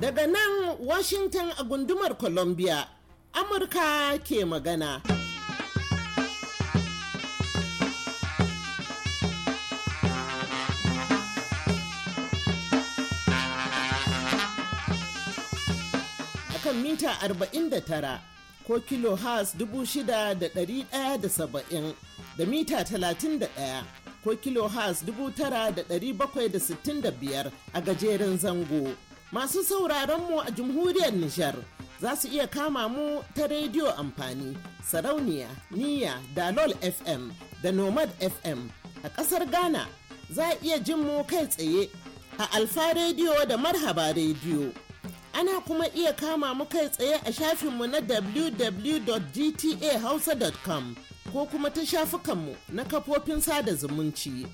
Daga nan Washington a gundumar Columbia, Amurka ke magana. kan mita 49 ko kilohertz shida da dari daya da da saba'in mita talatin da daya ko dubu tara da da bakwai sittin da biyar a gajeren zango. Masu sauraron mu a jamhuriyar Nijar za su iya kama mu ta rediyo amfani, sarauniya, niya, dalol FM da nomad FM a kasar Ghana za a iya jin mu kai tsaye a alfa rediyo da marhaba rediyo. ana kuma iya kama mu kai tsaye a shafinmu na www.gtahausa.com ko kuma ta shafukanmu na kafofin sada zumunci.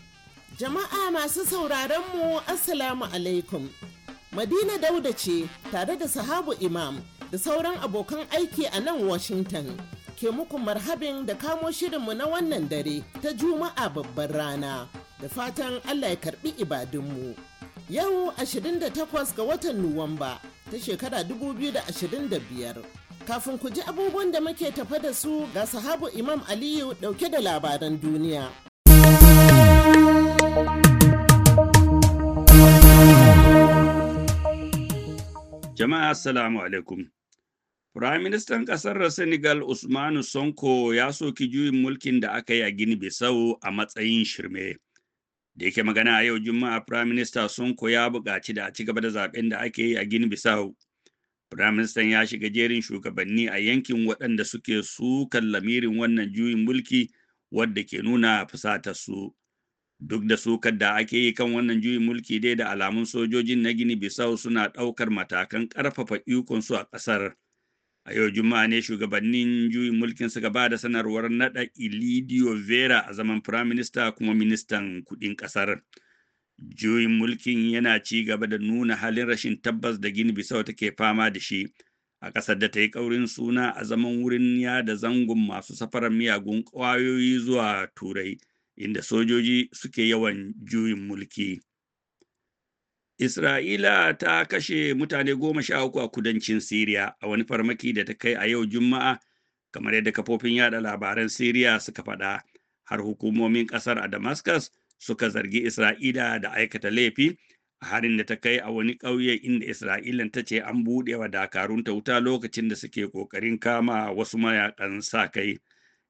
Jama'a masu sauraronmu Assalamu alaikum. Madina Dauda ce tare da sahabu Imam da sauran abokan aiki a nan Washington. Ke muku marhabin da kamo shirinmu na wannan dare ta Juma'a babbar rana da fatan Allah ya karbi ibadunmu. Yau 28 ga watan Nuwamba. ta shekara 2025. Kafin ku ji abubuwan da muke tafa da su ga sahabu Imam Aliyu ɗauke da labaran duniya. Jama'a Assalamu alaikum. Firaministan ƙasar Senegal Usmanu Sonko ya soki juyin mulkin da aka yi a Gini Bisau a matsayin shirme. da yake magana a yau juma'a prime minister sunko ya buƙaci da a ci gaba da zaben da ake yi a gini bisau prime minister ya shiga jerin shugabanni a yankin waɗanda suke sukan lamirin wannan juyin mulki wadda ke nuna fusatar su duk da sukar da ake yi kan wannan juyin mulki dai da alamun sojojin na gini bisau suna ɗaukar matakan ƙarfafa ikon su a ƙasar a yau juma'a ne shugabannin juyin mulkin suka ba da sanarwar nada ilidio vera a zaman firaminista kuma ministan kudin kasar juyin mulkin yana ci gaba da nuna halin rashin tabbas da gini bisau take fama da shi a ƙasar da ta yi ƙaurin suna a zaman wurin da zangon masu safarar miyagun ƙwayoyi zuwa turai inda sojoji suke yawan juyin mulki Isra'ila ta kashe mutane goma sha uku a kudancin Siriya a wani farmaki da ta kai a yau Juma'a kamar yadda kafofin yada labaran Siriya suka faɗa har hukumomin ƙasar a Damascus suka zargi Isra'ila da aikata laifi a harin da ta kai a wani ƙauye inda Isra'ila ta ce an buɗe wa dakarunta wuta lokacin da suke ƙoƙarin kama wasu mayakan sa kai.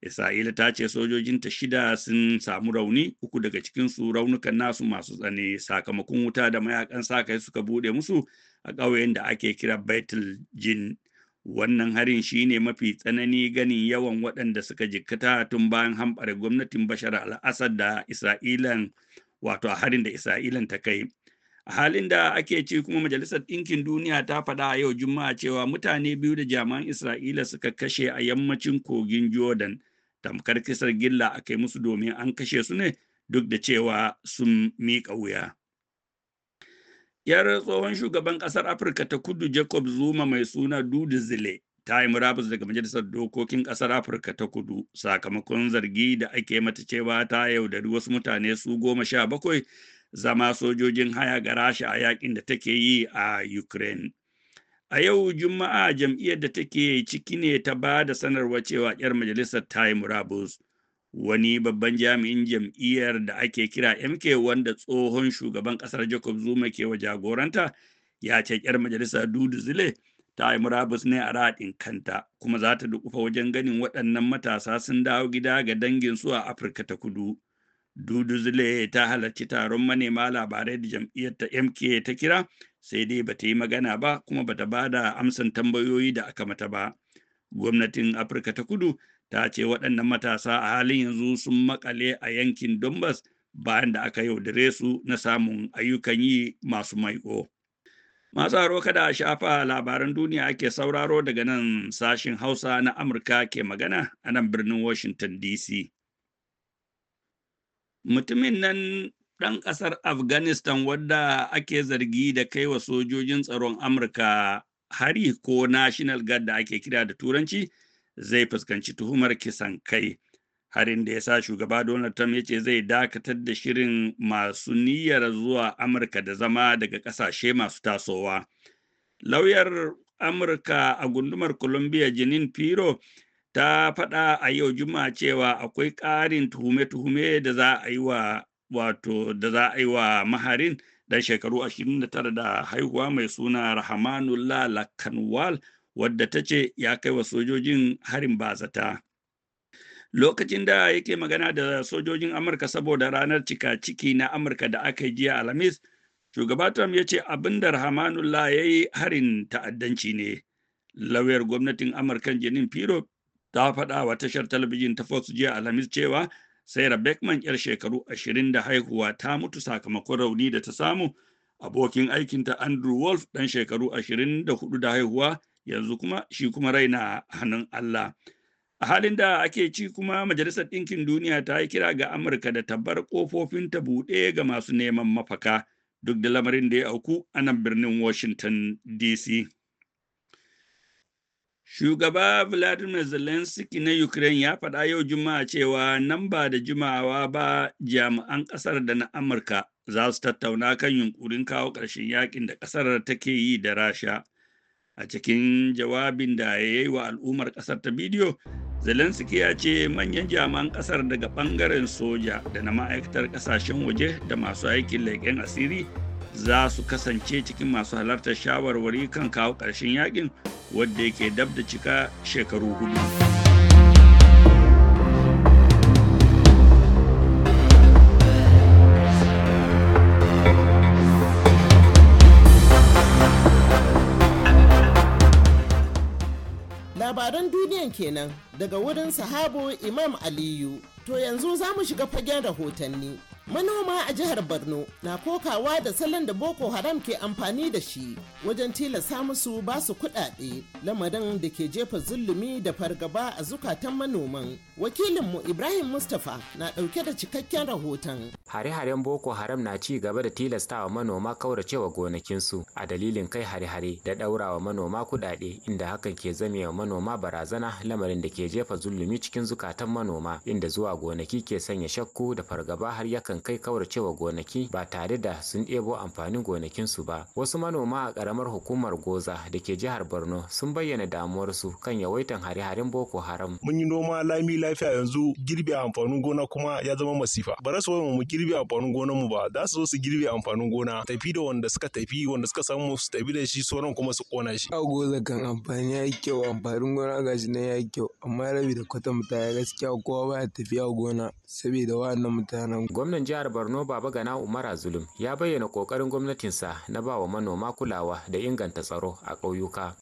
Isra'ila ta ce sojojinta shida sun samu rauni uku daga cikinsu raunukan nasu masu tsani, sakamakon wuta da mayakan sa kai suka buɗe musu a ƙauyen da ake kira Baitul Jin. Wannan harin shi ne mafi tsanani ganin yawan waɗanda suka jikkata tun bayan hamɓare gwamnatin Bashar al-Assad da Isra'ilan wato a harin da Isra'ilan ta kai. a halin da ake ci kuma majalisar ɗinkin duniya ta faɗa a yau juma'a cewa mutane biyu da jami'an isra'ila suka kashe a yammacin kogin jordan tamkar kisar gilla aka kai musu domin an kashe su ne duk da cewa sun miƙa wuya. Yar tsohon shugaban ƙasar Afirka ta kudu Jacob Zuma mai suna Dudu Zile ta yi murabus daga Majalisar Dokokin ƙasar Afirka ta kudu sakamakon zargi da ake mata cewa ta yaudari wasu mutane su goma sha bakwai zama sojojin haya ga Rasha a yaƙin da take yi a Ukraine. A yau Juma'a jam'iyyar da take ciki ne ta ba da sanarwa cewa 'yar majalisar ta yi murabus. Wani babban jami'in jam'iyyar da ake kira MK wanda tsohon shugaban ƙasar Jacob Zuma ke wa jagoranta ya ce 'yar majalisar Dudu Zile ta yi murabus ne a raɗin kanta kuma za ta dukufa wajen ganin waɗannan matasa sun dawo gida ga dangin su a Afirka ta kudu. Dudu Zile ta halarci taron manema labarai da jam'iyyar ta MK ta kira sai dai ba ta yi magana ba kuma ba ta ba da amsan tambayoyi da aka mata ba gwamnatin afirka ta kudu ta ce waɗannan matasa a halin yanzu sun makale a yankin donbass bayan da aka yaudare su na samun ayyukan yi masu maiko masu haro kada a shafa labaran duniya ake sauraro daga nan sashin hausa na amurka ke magana a nan birnin washington dc mutumin nan ɗan ƙasar Afghanistan wadda ake zargi da kai wa sojojin tsaron Amurka hari ko National Guard da ake kira da Turanci zai fuskanci tuhumar kisan kai. Harin da ya sa shugaba Donald Trump ya ce zai dakatar da shirin masu niyyar zuwa Amurka da zama daga ƙasashe masu tasowa. Lauyar Amurka a gundumar Columbia jinin Piro ta faɗa a yau Juma'a cewa akwai ƙarin tuhume-tuhume da za a yi wa wato da za a yi wa maharin dan shekaru 29 da haihuwa mai suna Rahamanullah Lakanwal wadda ta ce ya kai wa sojojin harin bazata. Lokacin da yake magana da sojojin Amurka saboda ranar cika ciki na Amurka da aka yi jiya Alhamis, shugaba Trump ya ce abin da Rahmanullah ya yi harin ta'addanci ne. Lauyar gwamnatin Amurkan Janin firo ta faɗa wa tashar talabijin ta Fox jiya Alhamis cewa sai Beckman yar shekaru ashirin da haihuwa ta mutu sakamakon rauni da ta samu abokin aikinta Andrew Wolf ɗan shekaru ashirin da hudu da haihuwa yanzu kuma shi kuma raina hannun Allah. A halin da ake ci kuma Majalisar Ɗinkin Duniya ta yi kira ga Amurka da ta bar ƙofofinta buɗe ga masu neman mafaka duk da lamarin da ya auku a nan birnin Washington DC. Shugaba Vladimir Zelensky na Ukraine ya faɗa yau Juma'a cewa nan ba da jimawa ba jami'an ƙasar da na Amurka za su tattauna kan yunkurin kawo ƙarshen yakin da ƙasar take yi da Rasha. A cikin jawabin da ya yi wa al'ummar ƙasar ta bidiyo, Zelensky ya ce manyan jami'an ƙasar daga ɓangaren soja da na ma'aikatar ƙasashen waje da masu aikin leƙen asiri za su kasance cikin masu halartar shawarwari kan kawo ƙarshen yakin wadda yake dab da cika shekaru hudu. Labaran duniyan kenan daga wurin sahabo Imam Aliyu, to yanzu za mu shiga fagen rahotanni. Manoma a jihar Borno na kokawa da salon da Boko Haram ke amfani da shi wajen tilasta musu ba su kuɗaɗe lamarin da ke jefa zulumi da fargaba a zukatan manoman. Wakilinmu Ibrahim Mustapha na ɗauke da cikakken rahoton. Hare-haren Boko Haram na ci gaba da tilastawa manoma kauracewa gonakinsu a dalilin kai hare-hare da ɗaurawa manoma kuɗaɗe inda hakan ke zame wa manoma barazana lamarin da ke jefa zulumi cikin zukatan manoma inda zuwa gonaki ke sanya shakku da fargaba har yakan kai kauracewa gonaki ba tare da sun ɗebo amfanin gonakinsu ba wasu manoma a ƙaramar hukumar goza da ke jihar borno sun bayyana damuwarsu kan yawaitan hare-haren boko haram mun yi noma lami lafiya yanzu girbe amfanin gona kuma ya zama masifa ba su mu girbe amfanin gonan mu ba za su zo su girbe amfanin gona tafi da wanda suka tafi wanda suka samu su tafi da shi sauran kuma su kona shi a goza kan amfani ya yi kyau amfanin gona ga shi na ya yi kyau amma rabi da kwatan mutane gaskiya kowa ba tafi tafiya gona saboda wa'annan mutanen gwamnan jihar Borno Baba Gana Umara Zulum ya bayyana kokarin gwamnatinsa na ba wa manoma kulawa da inganta tsaro a ƙauyuka.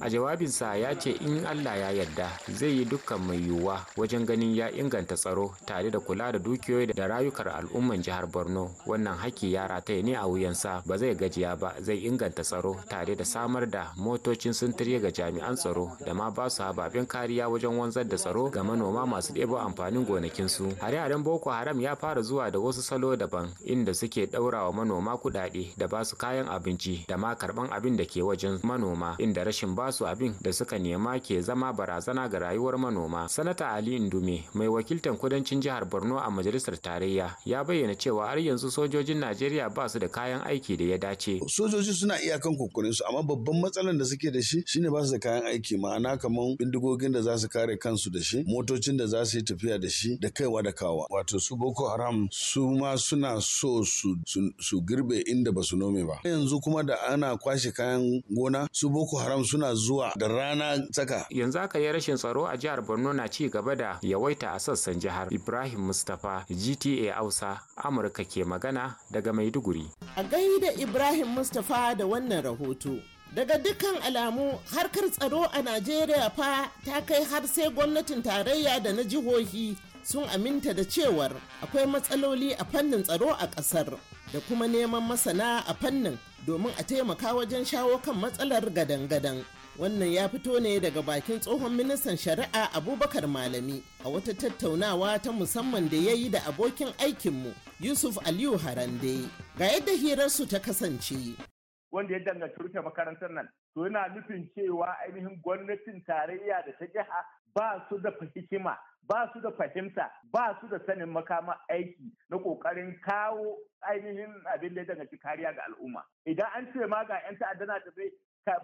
A jawabinsa ya ce in Allah ya yarda zai yi dukkan mai yiwuwa wajen ganin ya inganta tsaro tare da kula da dukiyoyi da rayukar al'umman jihar Borno wannan haki ya rataye ne a wuyansa ba zai gajiya ba zai inganta tsaro tare da samar da motocin sintiri ga jami'an tsaro da ma ba su hababen kariya wajen wanzar da tsaro ga manoma masu ɗebo amfanin gonakinsu. Hare hare Boko Haram ya fara zuwa da wasu salo daban inda suke ɗaura wa manoma kuɗaɗe da ba su kayan abinci da ma karɓan abin da ke wajen manoma inda rashin basu abin da suka nema ke zama barazana ga rayuwar manoma. Sanata Ali Indume mai wakiltan kudancin jihar Borno a majalisar tarayya ya bayyana cewa har yanzu sojojin Najeriya ba su da kayan aiki da ya dace. Sojoji suna iyakan kokarin su amma babban matsalar da suke da shi shine ba su da kayan aiki ma'ana kamar bindigogin da za su kare kansu da shi motocin da za su yi tafiya da shi da kaiwa da kawo. wato su boko haram su ma suna so su, girbe inda ba su nome ba yanzu kuma da ana kwashe kayan gona su boko haram suna zuwa da rana tsaka yanzu aka yi rashin tsaro a jihar borno na ci gaba da yawaita a sassan jihar ibrahim mustapha gta hausa amurka ke magana daga maiduguri a gaida ibrahim mustapha da wannan rahoto daga dukkan alamu harkar tsaro a najeriya fa ta kai har sai gwamnatin tarayya da na jihohi sun aminta da cewar akwai matsaloli a fannin tsaro a ƙasar da kuma neman masana a fannin domin a taimaka wajen shawo kan matsalar gadan-gadan. Wannan ya fito ne daga bakin tsohon ministan shari'a Abubakar Malami a wata tattaunawa ta musamman da ya yi da abokin aikinmu Yusuf Aliyu Harande. Ga yadda hirarsu ta kasance. wanda ya danganci rufe makarantar nan to yana nufin cewa ainihin gwamnatin tarayya da ta jiha ba su da hikima ba su da fahimta ba su da sanin makama aiki na ƙoƙarin kawo ainihin abin da ya danganci kariya ga al'umma idan an ce ma ga 'yan ta'adda na tafe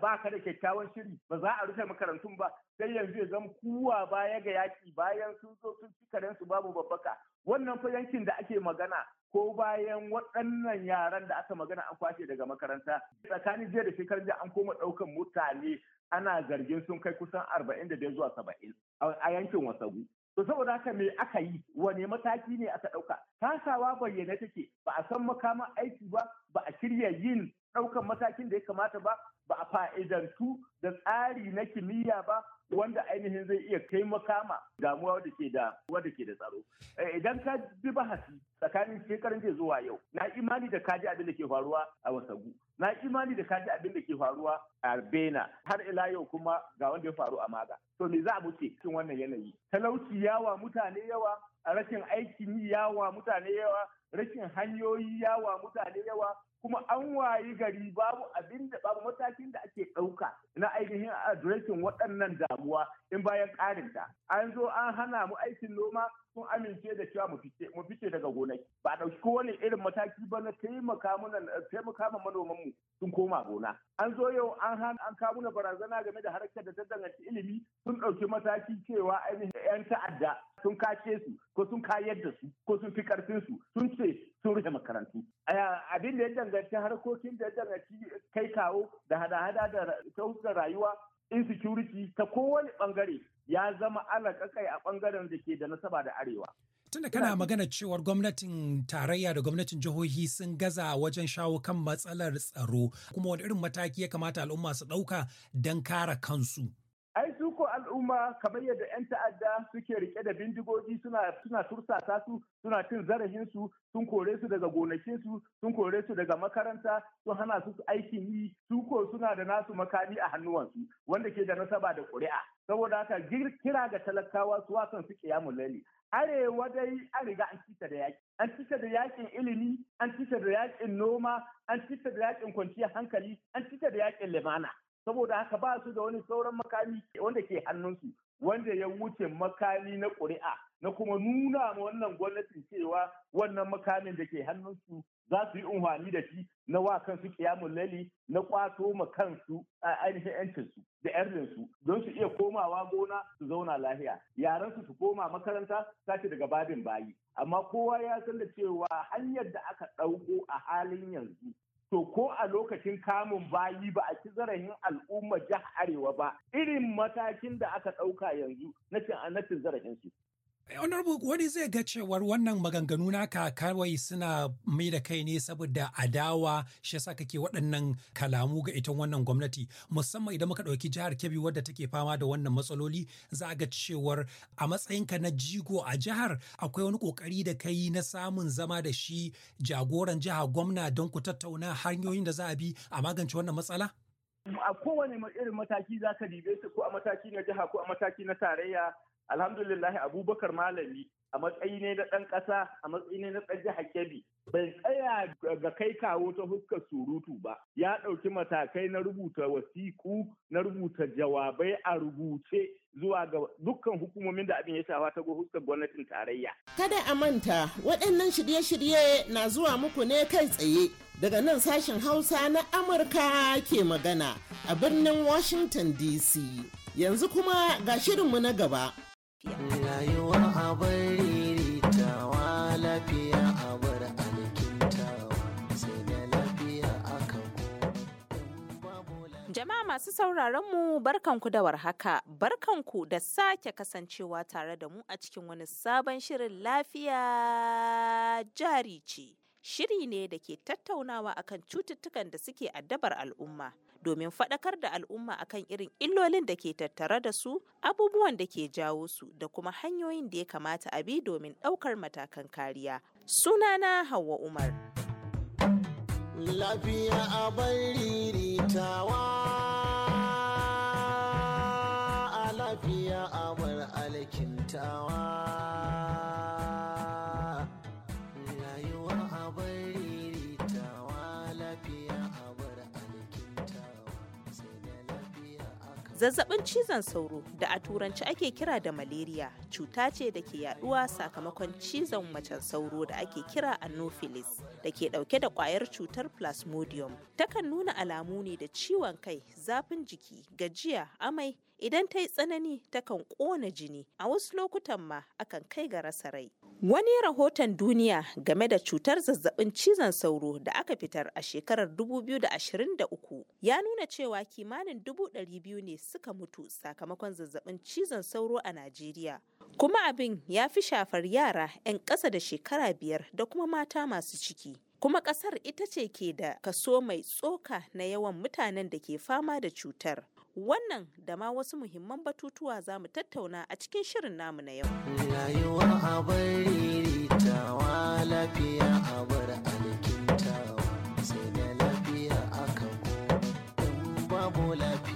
ba ka da kyakkyawan shiri ba za a rufe makarantun ba sai yanzu ya zama kuwa baya ga yaki bayan sun zo sun ci karensu babu babbaka wannan fa yankin da ake magana ko bayan waɗannan yaran da aka magana an kwashe daga makaranta tsakanin jiya da shekarun jiya an koma ɗaukan mutane ana zargin sun kai kusan arba'in da zuwa saba'in a yankin wasagu to saboda haka me aka yi wane mataki ne aka ɗauka kasawa bayyana take ba a san makaman aiki ba ba a shirya yin ɗaukan matakin da ya kamata ba ba a fa'idantu da tsari na kimiyya ba wanda ainihin zai iya kai makama. damuwa wadda ke da wadda ke da tsaro eh, idan ka bi bahasi tsakanin shekarun da zuwa yau na imani da kaji abin da ke faruwa a wasagu na imani da kaji abin da ke faruwa a bena har ila yau kuma ga wanda ya faru a maga to me za a buce cikin wannan yanayi talauci yawa mutane yawa rashin aikin yi yawa mutane yawa rashin hanyoyi yawa mutane yawa kuma an wayi gari babu abin da babu matakin da ake ɗauka na ainihin adireshin waɗannan damuwa in bayan ƙarinta an zo an hana mu aikin noma sun amince da cewa mu fice daga gonaki ba ɗauki kowane irin mataki ba na taimaka mana taimaka ma manoman mu sun koma gona an zo yau an hana an kawo barazana game da harkar da ta danganci ilimi sun ɗauki mataki cewa ainihin 'yan ta'adda sun kace su ko sun kayar da su ko sun fi karfin su sun ce sun rufe makarantu abin da ya danganci harkokin da ya danganci kai kawo da hada-hada da ta rayuwa in insecurity ta kowane bangare ya zama alaƙaƙai a bangaren da ke da nasaba da arewa tunda kana magana cewar gwamnatin tarayya da gwamnatin jihohi sun gaza wajen shawo kan matsalar tsaro kuma wani irin mataki ya kamata al'umma su ɗauka don kare kansu kuma kamar yadda 'yan ta'adda suke rike da bindigogi suna suna tursasa su suna cin zarafin su sun kore su daga gonakin su sun kore su daga makaranta sun hana su aikin yi su ko suna da nasu makami a hannuwansu wanda ke da nasaba da ƙuri'a saboda haka kira ga talakawa su wasan su kiyamun laili arewa dai an riga an cita da yaƙi an cita da yaƙin ilimi an cita da yaƙin noma an cita da yaƙin kwanciyar hankali an cita da yaƙin limana saboda haka ba su da wani sauran makami wanda ke hannunsu wanda ya wuce makami na ƙuri'a na kuma nuna ma wannan gwamnatin cewa wannan makamin da ke hannunsu za su yi unhwani da shi na wa kansu kiyamun lali na kwato ma kansu a ainihin yancinsu da yarzinsu don su iya komawa gona su zauna lahiya yaransu su koma makaranta sace daga babin bayi amma kowa ya san da cewa hanyar da aka ɗauko a halin yanzu to ko a lokacin kamun bayi ba a ci zarafin al'umma jihar arewa ba irin matakin da aka ɗauka yanzu na cin zarafin su Eh, Honorable wani zai ga cewar wannan maganganu naka kawai suna mai da kai ne saboda adawa shi yasa kake waɗannan kalamu ga ita wannan gwamnati musamman idan muka ɗauki jihar Kebbi wadda take fama da wannan matsaloli za a ga cewar a matsayinka na jigo a jihar akwai wani kokari da kai na samun zama da shi jagoran jiha gwamna don ku tattauna hanyoyin da za a bi a magance wannan matsala? A kowane irin mataki za ka dibe su ko a mataki na jiha ko a mataki na tarayya alhamdulillah abubakar malami a matsayi ne na ɗan ƙasa a matsayi ne na ɗan jiha kebi bai tsaya ga kai kawo ta huskar surutu ba ya ɗauki matakai na rubuta wasiku na rubuta jawabai a rubuce zuwa ga dukkan hukumomin da abin ya shafa ta huskar gwamnatin tarayya. Kada a manta waɗannan shirye-shirye na zuwa muku ne kai tsaye daga nan sashen Hausa na Amurka ke magana a birnin Washington DC. Yanzu kuma ga shirinmu na gaba. rayuwa a lafiya a bar Jama'a masu sauraron mu barkanku da warhaka, barkanku da sake kasancewa tare da mu a cikin wani sabon shirin lafiya jari ce. shiri ne da ke tattaunawa akan cututtukan da suke addabar al'umma domin faɗakar da al'umma akan irin illolin da ke tattare da su abubuwan da ke jawo su da kuma hanyoyin da ya kamata a bi domin ɗaukar matakan kariya sunana hawa umar lafiya a riritawa alkintawa Zazzabin cizon sauro da a turanci ake kira da malaria cuta ce da ke yaduwa sakamakon cizon macen sauro da ake kira anopheles da ke dauke da kwayar cutar plasmodium. Takan nuna alamu ne da ciwon kai, zafin jiki, gajiya, amai, idan ta yi tsanani takan kona jini, a wasu lokutan ma akan kai ga rasa rai. Wani rahoton duniya game da cutar zazzabin cizon sauro da aka fitar a shekarar 2023 ya nuna cewa kimanin 200,000 ne suka mutu sakamakon zazzabin cizon sauro a Najeriya. Kuma abin ya fi shafar yara 'yan ƙasa da shekara biyar da kuma mata masu ciki. Kuma ƙasar ita ce ke da kaso mai tsoka na yawan mutanen da ke fama da cutar. Wannan da ma wasu muhimman batutuwa za mu tattauna a cikin shirin namu na yau. Rayuwa a lafiya a bar da lafiya aka ko babu lafiya.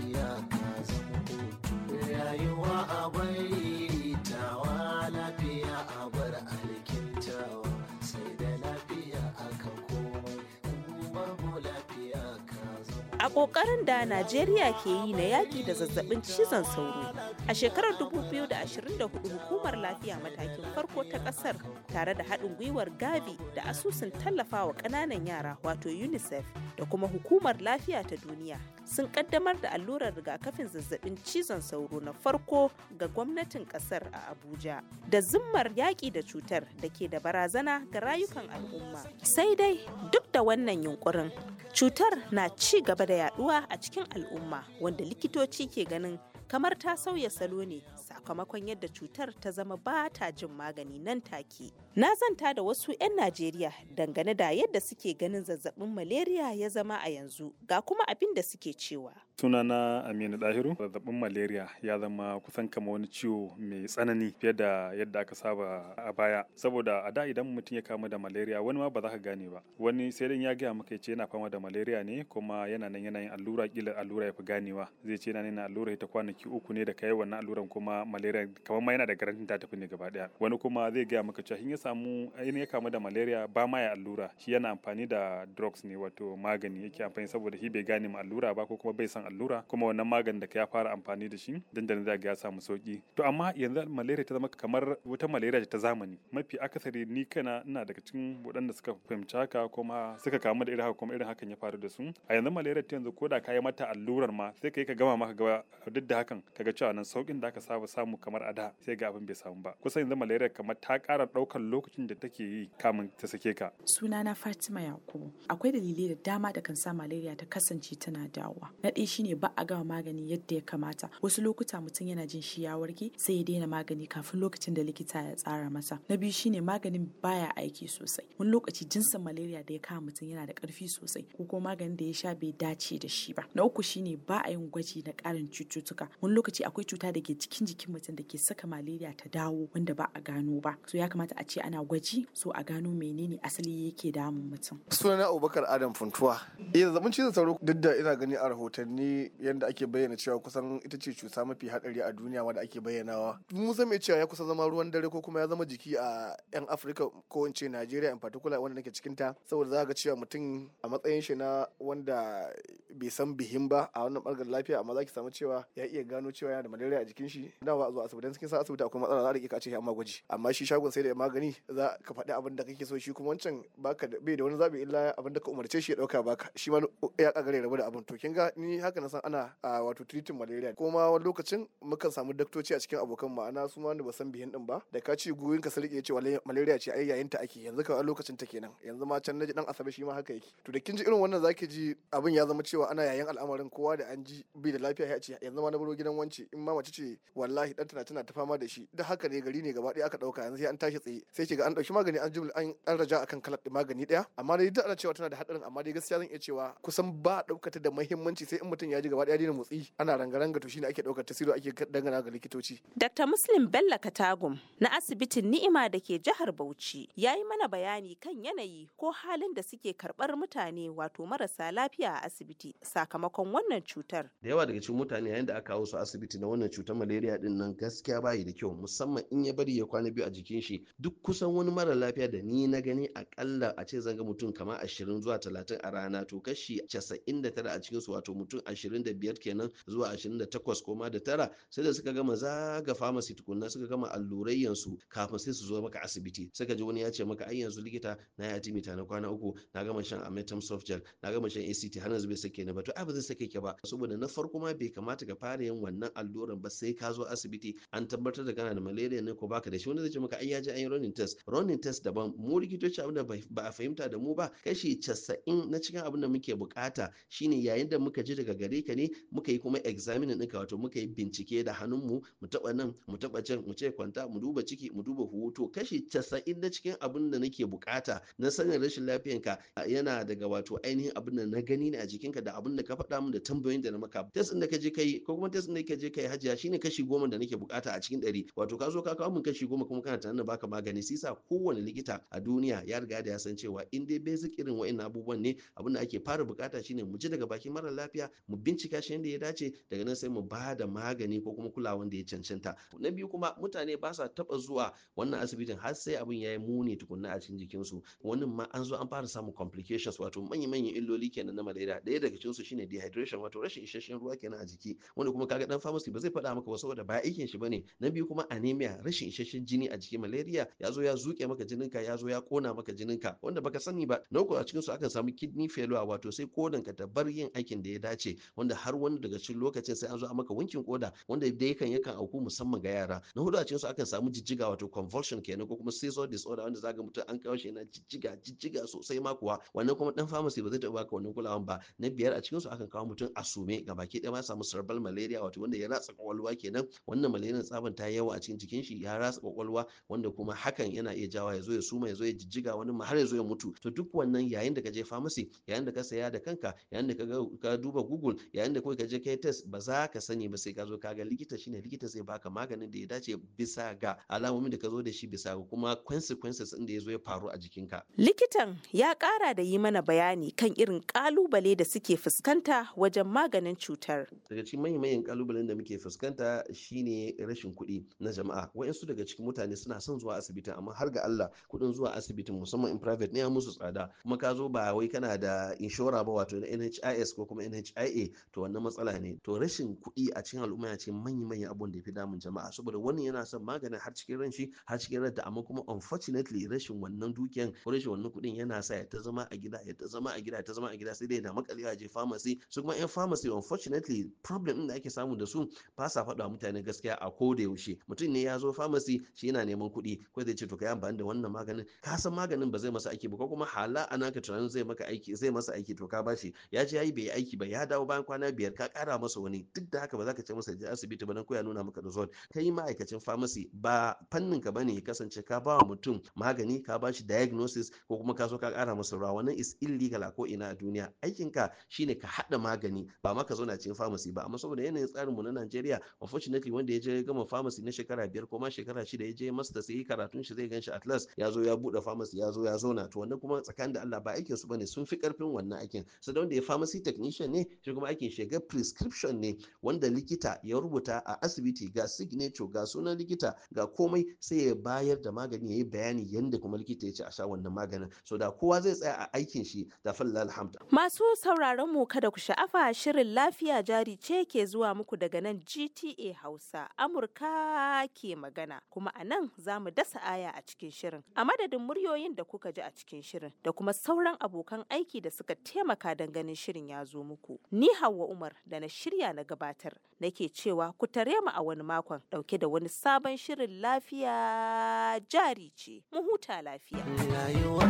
a ƙoƙarin da Najeriya ke yi na yaƙi da zazzabin cizon sauro. A shekarar 2024 hukumar lafiya matakin farko ta kasar tare da haɗin gwiwar Gavi da asusun tallafawa ƙananan yara wato UNICEF da kuma hukumar lafiya ta duniya sun ƙaddamar da allurar rigakafin zazzabin cizon sauro na farko ga gwamnatin ƙasar a Abuja da zimmar yaƙi da cutar da ke da barazana ga rayukan al'umma. Sai dai duk da wannan yunkurin cutar na ci gaba da yaduwa a cikin al'umma wanda likitoci ke ganin kamar ta sauya salo ne sakamakon yadda cutar ta zama ba ta jin magani nan take. Na zanta da wasu 'yan Najeriya dangane da yadda suke ganin zazzabin malaria ya zama a yanzu ga kuma abin da suke cewa. Sunana Aminu Dahiru, zazzabin malaria ya zama kusan kama wani ciwo mai tsanani fiye da yadda aka saba a baya. Saboda a da idan mutum ya kama da malaria wani ma ba za ka gane ba. Wani sai dai ya gaya maka ya ce yana fama da malaria ne kuma yana nan yana yin allura kila allura ya fi ganewa. Zai ce yana nuna allura ta kwanaki uku ne da kai wannan alluran kuma malaria kamar ma yana da garantin ta tafi ne gaba daya. Wani kuma zai gaya maka cewa hin samu ya kamu da malaria ba ma ya allura shi yana amfani da drugs ne wato magani yake amfani saboda shi bai gane ma allura ba ko kuma bai san allura kuma wannan magani da ka ya fara amfani da shi dandanan za ga ya samu sauki to amma yanzu malaria ta zama kamar wata malaria ta zamani mafi akasari ni kana ina daga cikin waɗanda suka fahimci haka kuma suka kamu da irin haka kuma irin hakan ya faru da su a yanzu malaria ta yanzu koda ka yi mata allurar ma sai ka yi ka gama maka gaba duk da hakan ka ga cewa nan saukin da aka saba samu kamar a da sai ga abin bai samu ba kusan yanzu malaria kamar ta ƙara ɗaukar lokacin da take yi kamun ta sake ka sunana fatima yakubu akwai dalilai da dama da kan sa malaria ta kasance tana dawowa na ɗaya shine ba a gama magani yadda ya kamata wasu lokuta mutum yana jin shi ya warke sai ya daina magani kafin lokacin da likita ya tsara masa na biyu shine maganin baya aiki sosai wani lokaci jinsin malaria da ya kama mutum yana da ƙarfi sosai ko kuma maganin da ya sha bai dace da shi ba na uku shine ba a yin gwaji na ƙarin cututtuka wani lokaci akwai cuta da ke cikin jikin mutum da ke saka malaria ta dawo wanda ba a gano ba so ya kamata a ce lokaci ana gwaji so a gano menene asali yake damun mutum. Sunana Abubakar Adam Funtuwa. Eh zazzabin cizon sauro duk da ina gani a rahotanni yadda ake bayyana cewa kusan ita ce cuta mafi hadari a duniya wadda ake bayyanawa. Mun san cewa ya kusa zama ruwan dare ko kuma ya zama jiki a 'yan Afirka ko in ce Najeriya in particular wanda nake cikin ta saboda za ga cewa mutum a matsayin shi na wanda bai san bihin ba a wannan bangaren lafiya amma za ki samu cewa ya iya gano cewa yana da malaria a jikin shi. ba a zo asibitin cikin sa asibiti akwai matsala za a rike ka ce amma gwaji amma shi shagon sai da magani umarni za ka faɗi abin da kake so shi kuma wancan baka bai da wani zabi illa abin da ka umarce shi ya ɗauka baka shi ma ya kagare rabu da abin to kin ga ni haka na san ana wato tiritin malaria kuma wani lokacin mukan samu daktoci a cikin abokan ana su ma ba san bihin din ba da ka ci guyin ka sarki ya ce malaria ce ai yayin ta ake yanzu ka a lokacin ta kenan yanzu ma can naji dan asabe shi ma haka yake to da kin ji irin wannan zaki ji abin ya zama cewa ana yayin al'amarin kowa da an ji bi da lafiya ya ce yanzu ma na baro gidan wance in ma mace ce wallahi dan tana tana ta fama da shi da haka ne gari ne gaba ɗaya aka ɗauka yanzu sai an tashi tsaye sai ke ga an ɗauki magani an jumla an raja akan kalar magani ɗaya. amma dai duk ana cewa tana da haɗarin. amma dai gaskiya zan iya cewa kusan ba a ta da muhimmanci sai in mutum ya ji gaba ɗaya daina motsi ana rangaranga to shine ake ɗaukar ta ake dangana ga likitoci Dr. Muslim Bello Katagum na asibitin Ni'ima da ke jihar Bauchi ya yi mana bayani kan yanayi ko halin da suke karɓar mutane wato marasa lafiya a asibiti sakamakon wannan cutar da yawa daga cikin mutane yayin da aka kawo su asibiti na wannan cutar malaria din nan gaskiya bayi da kyau musamman in ya bari ya kwana biyu a jikin shi duk kusan wani mara lafiya da ni na gani akalla a ce zanga mutum kama ashirin zuwa talatin a rana to kashi casa'in da tara a cikin su wato mutum ashirin da biyar kenan zuwa ashirin da takwas koma da tara sai da suka gama zaga famasi tukunna suka gama allurai su kafin sai su zo maka asibiti suka ji wani ya ce maka ai yanzu likita na ya mita na kwana uku na gama shan ametam soft gel na gama shan act har yanzu bai sake ni ba to ai ba zai sake ki ba saboda na farko ma bai kamata ka fara yin wannan alluran ba sai ka zo asibiti an tabbatar da kana da malaria ne ko baka da shi wani zai ce maka ai ya ji an test running test daban mu likitoci abin da ba a fahimta da mu ba kashi casa'in na cikin abin da muke bukata shine yayin da muka ji daga gare ka ne muka yi kuma examining ɗinka wato muka yi bincike da hannunmu mu taɓa nan mu taɓa can mu ce kwanta mu duba ciki mu duba hoto kashi casa'in na cikin abin da nake bukata na sanin rashin lafiyanka yana daga wato ainihin abin da na gani ne a jikinka da abin da ka faɗa min da tambayoyin da na maka test ɗin da ka je kai ko kuma test ɗin da ka je kai hajiya shine kashi goma da nake bukata a cikin ɗari wato ka zo ka kawo min kashi goma kuma kana tunanin baka magani su kowane likita a duniya ya riga da ya san cewa in dai basic irin wa'in abubuwan ne abin da ake fara bukata shine mu ji daga bakin mara lafiya mu bincika shi yadda ya dace daga nan sai mu ba da magani ko kuma kulawan da ya cancanta na biyu kuma mutane ba sa taba zuwa wannan asibitin har sai abin ya yi muni tukunna a cikin jikinsu wannan ma an zo an fara samun complications wato manya-manyan illoli kenan na malaria ɗaya daga cikinsu shine dehydration wato rashin isasshen ruwa kenan a jiki wanda kuma kaga dan pharmacy ba zai faɗa maka ba saboda ba aikin shi bane na biyu kuma anemia rashin isasshen jini a jikin malaria ya zo zo ya zuke maka jininka ya zo ya kona maka ka wanda baka sani ba na uku a cikin su akan samu kidney failure wato sai kodan ka ta bar yin aikin da ya dace wanda har wani daga cikin lokacin sai an zo a maka wankin koda wanda da kan yakan auku musamman ga yara na hudu a cikin su akan samu jijjiga wato convulsion kenan ko kuma seizure disorder wanda zaga mutum an kawo shi yana jijjiga jijjiga sosai ma kuwa wannan kuma dan pharmacy ba zai taɓa baka wannan kulawan ba na biyar a cikin su akan kawo mutum a sume baki ɗaya ma samu cerebral malaria wato wanda ya ratsa kwakwalwa kenan wannan malaria tsaban ta yawa a cikin jikin shi ya ratsa kwakwalwa wanda kuma hakan ciwon yana iya jawa ya zo ya suma ya zo ya jijjiga wani ma har ya zo ya mutu to duk wannan yayin da ka je pharmacy yayin da ka saya da kanka yayin da ka duba google yayin da kawai ka je kai test ba za ka sani ba sai ka zo ka ga likita shine likita zai baka maganin da ya dace bisa ga alamomin da ka zo da shi bisa ga kuma consequences inda da ya zo ya faru a jikinka likitan ya kara da yi mana bayani kan irin kalubale da suke fuskanta wajen maganin cutar daga cikin manyan kalubalen da muke fuskanta shine rashin kuɗi na jama'a wa'insu daga cikin mutane suna son zuwa asibiti likita amma har ga Allah kuɗin zuwa asibitin musamman in private ne ya musu tsada kuma ka zo ba wai kana da inshora ba wato na NHIS ko kuma NHIA to wannan matsala ne to rashin kuɗi a cikin al'umma ya ce manya manya abun da ya fi damun jama'a saboda wani yana son maganin har cikin ran har cikin ranta amma kuma unfortunately rashin wannan dukiyan ko rashin wannan kuɗin yana sa ya ta zama a gida ya ta zama a gida ya ta zama a gida sai dai na ya je pharmacy su kuma yan pharmacy unfortunately problem din da ake samu da su ba sa faɗa mutane gaskiya a ko da yaushe mutum ne ya zo pharmacy shi yana neman kuɗi ko zai ce to kai amfani da wannan maganin ka san maganin ba zai masa aiki ba ko kuma hala ana ka tunanin zai maka aiki zai masa aiki to ka bashi ya ce yayi bai aiki ba ya dawo bayan kwana biyar ka kara masa wani duk da haka ba za ka ce masa je asibiti ba nan ko ya nuna maka result kai ma'aikacin pharmacy ba fannin ka bane ya kasance ka ba wa mutum magani ka bashi diagnosis ko kuma ka zo ka kara masa rawa wannan is illegal a ko ina a duniya aikin ka shine ka hada magani ba maka zo na cikin pharmacy ba amma saboda yanayin tsarin mu na Najeriya unfortunately wanda ya je gama pharmacy na shekara biyar ko ma shekara shida ya je master sai karatun shi zai gan shi at ya zo ya buɗe pharmacy ya zo ya zauna to wannan kuma tsakanin da Allah ba aikin su bane sun fi karfin wannan aikin so da wanda ya pharmacy technician ne shi kuma aikin ga prescription ne wanda likita ya rubuta a asibiti ga signature ga sunan likita ga komai sai ya bayar da magani ya yi bayani yanda kuma likita ya ce a sha wannan maganin so da kowa zai tsaya a aikin shi da fallal hamda. Masu sauraron mu kada ku sha'afa shirin lafiya jari ce ke zuwa muku daga nan GTA Hausa Amurka ke magana kuma a nan za mu dasa aya a cikin shirin. A madadin muryoyin da kuka ji a cikin shirin da kuma sauran abokan aiki da suka taimaka don ganin shirin ya zo muku. Ni Hauwa Umar da na shirya na gabatar nake cewa ku tare mu a wani makon dauke da wani sabon shirin lafiya jari ce. Mu huta lafiya. Rayuwa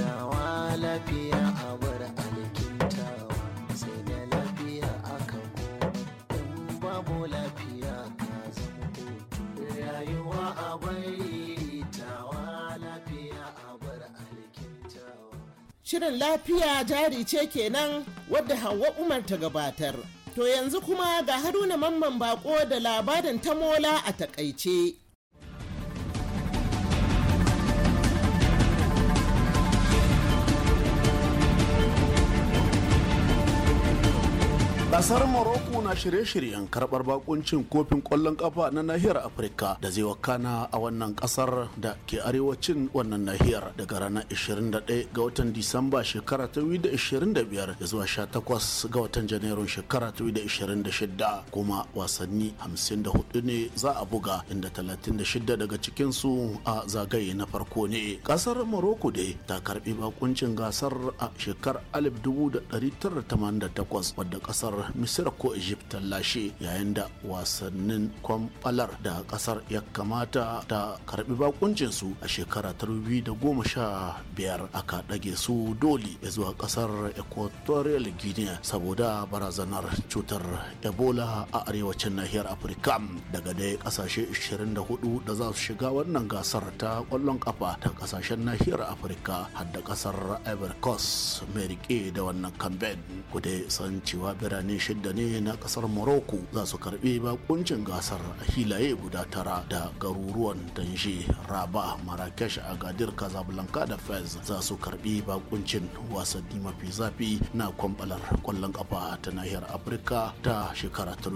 a lafiya a lafiya Shirin lafiya jari ce kenan wadda Hauwa Umar ta gabatar. To yanzu kuma ga Haruna Mamman Bako da labarin ta mola a takaice. Kasar Morocco na shirye-shiryen karbar bakuncin kofin ƙwallon ƙafa na nahiyar Afirka da zai wakana a wannan ƙasar da ke arewacin wannan nahiyar daga ranar 21 ga watan Disamba shekara ta 2025 da zuwa 18 ga watan Janairun shekara ta 2026 kuma wasanni 54 ne za a buga inda 36 daga cikinsu a zagaye na farko ne. Kasar Morocco da ta karbi bakuncin gasar a shekarar 1988 wadda kasar misir ko egypt lashe yayin da wasannin kwamfalar da kasar ya kamata ta karbi bakuncin su a shekara ta biyar aka ɗage su dole zuwa kasar equatorial guinea saboda barazanar cutar ebola a arewacin nahiyar afirka daga dai kasashe 24 da za su shiga wannan gasar ta kwallon kafa ta kasashen nahiyar afirka hadda kasar ivory coast mai rike da wannan kamben ku dai san cewa birane shida ne na kasar morocco za su karbi bakuncin gasar a hilaye guda tara da garuruwan tanje raba marrakesh a gadir casablanca da fez za su karbi bakuncin wasanni mafi zafi na kwambalar kwallon kafa ta nahiyar afirka ta shekara ta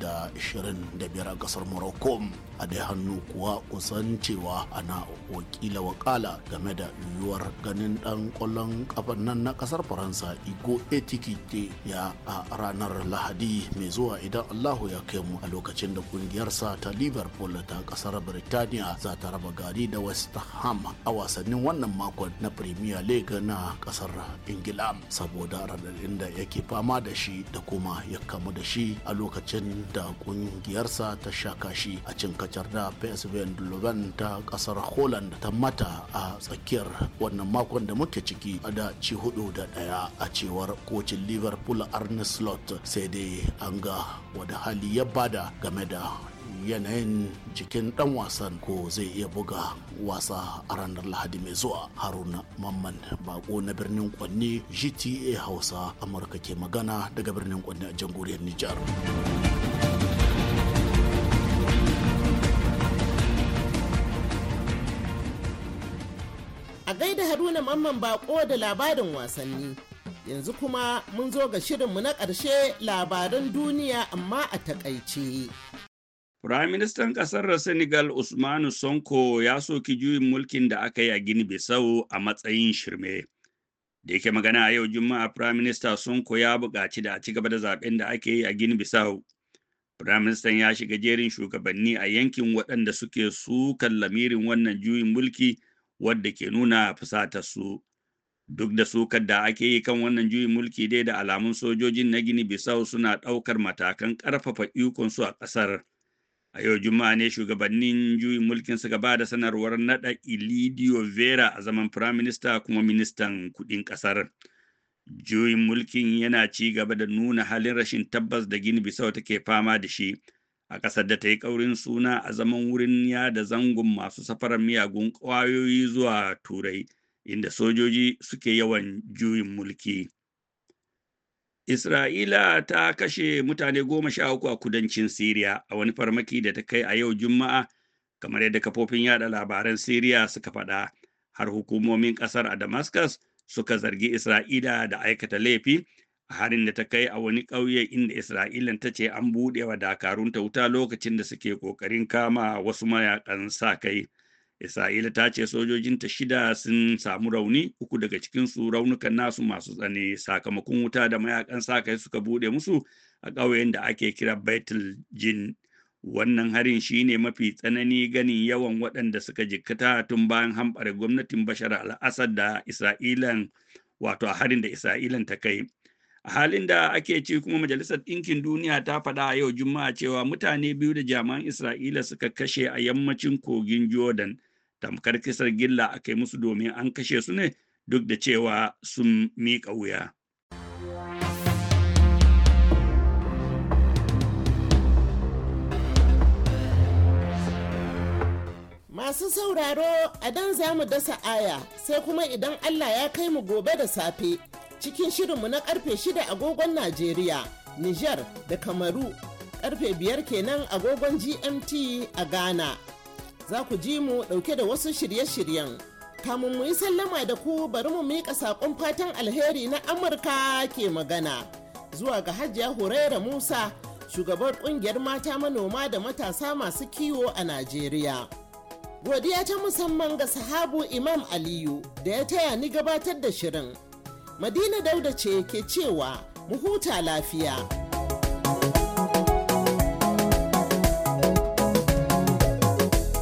da 25 a kasar morocco a dai hannu kuwa kusan cewa ana wakila wakala game da yiwuwar ganin dan kwallon kafan nan na kasar faransa igo etikite ya a ranar lahadi mai zuwa idan allahu ya kai mu a lokacin da kungiyarsa ta liverpool ta kasar birtaniya za ta raba gari da west ham a wasannin wannan makon na premier league na kasar ingila saboda raɗaɗin da yake fama da shi da kuma ya kamu da shi a lokacin da kungiyarsa ta shaka shi a cin kacar da PSV Eindhoven ta kasar Holland ta mata a tsakiyar wannan makon da muke ciki da ci hudu da daya a cewar kocin Liverpool Arne Slot sai dai an ga wada hali ya bada game da yanayin jikin dan wasan ko zai iya buga wasa a ranar lahadi mai zuwa haruna mamman bako na birnin kwanni gta hausa amurka ke magana daga birnin kwanni a jamhuriyar nijar Haruna Mamman Bako da labarin wasanni. Yanzu kuma mun zo ga shirinmu na ƙarshe labaran duniya amma a takaice. Firaministan ƙasar Senegal Usmanu Sonko ya soki juyin mulkin da aka yi a Gini Bisau a matsayin shirme. Da yake magana a yau Juma'a Firaminista Sonko ya buƙaci da a ci gaba da zaɓen da ake yi a Gini Bisau. Firaministan ya shiga jerin shugabanni a yankin waɗanda suke sukan lamirin wannan juyin mulki wadda ke nuna fusatar su duk da sukar da ake yi kan wannan juyin mulki dai da alamun sojojin na gini bisau suna ɗaukar matakan ƙarfafa ikon su a ƙasar a yau juma'a ne shugabannin juyin mulkin suka ba da sanarwar naɗa ilidio vera a zaman firaminista kuma ministan kuɗin ƙasar juyin mulkin yana ci gaba da nuna halin rashin tabbas da gini bisau take fama da shi a ƙasar da ta yi ƙaurin suna a zaman wurin yada zangon masu safarar miyagun ƙwayoyi zuwa turai inda sojoji suke yawan juyin mulki isra'ila ta kashe mutane goma sha uku a kudancin siriya a wani farmaki da ta kai a yau juma'a kamar yadda kafofin yada labaran siriya suka faɗa har hukumomin ƙasar a damascus suka zargi isra'ila da aikata laifi harin da ta kai a wani ƙauye inda Isra'ila ta ce an buɗe wa dakarunta wuta lokacin da suke ƙoƙarin kama wasu mayakan sa kai. Isra'ila ta ce sojojinta shida sun samu rauni, uku daga cikin cikinsu raunukan nasu masu tsani, sakamakon wuta da mayakan sa kai suka buɗe musu a ƙauyen da ake kira Baitul Jin. Wannan harin shi ne mafi tsanani ganin yawan waɗanda suka jikkata tun bayan hamɓare gwamnatin Bashar al-Assad da Isra'ilan wato a harin da Isra'ilan ta kai. A halin da ake ci kuma majalisar ɗinkin duniya ta faɗa a yau juma'a cewa mutane biyu da jami'an isra'ila suka kashe a yammacin kogin jordan tamkar kisar gilla a kai musu domin an kashe su ne duk da cewa sun miƙa wuya Masu sauraro a dan za mu dasa aya sai kuma idan Allah ya kai mu gobe da safe cikin shirinmu na karfe shida agogon Najeriya, Nijar da Kamaru, karfe biyar kenan agogon GMT a Ghana. Za ku ji mu ɗauke da wasu shirye-shiryen. Kamun mu yi sallama da ku bari mu miƙa saƙon fatan alheri na Amurka ke magana. Zuwa ga Hajiya Huraira Musa, shugabar ƙungiyar mata manoma da matasa masu kiwo a Najeriya. Godiya ta musamman ga sahabu Imam Aliyu da ya taya ni gabatar da shirin. Madina Dauda ce ke cewa mu huta lafiya.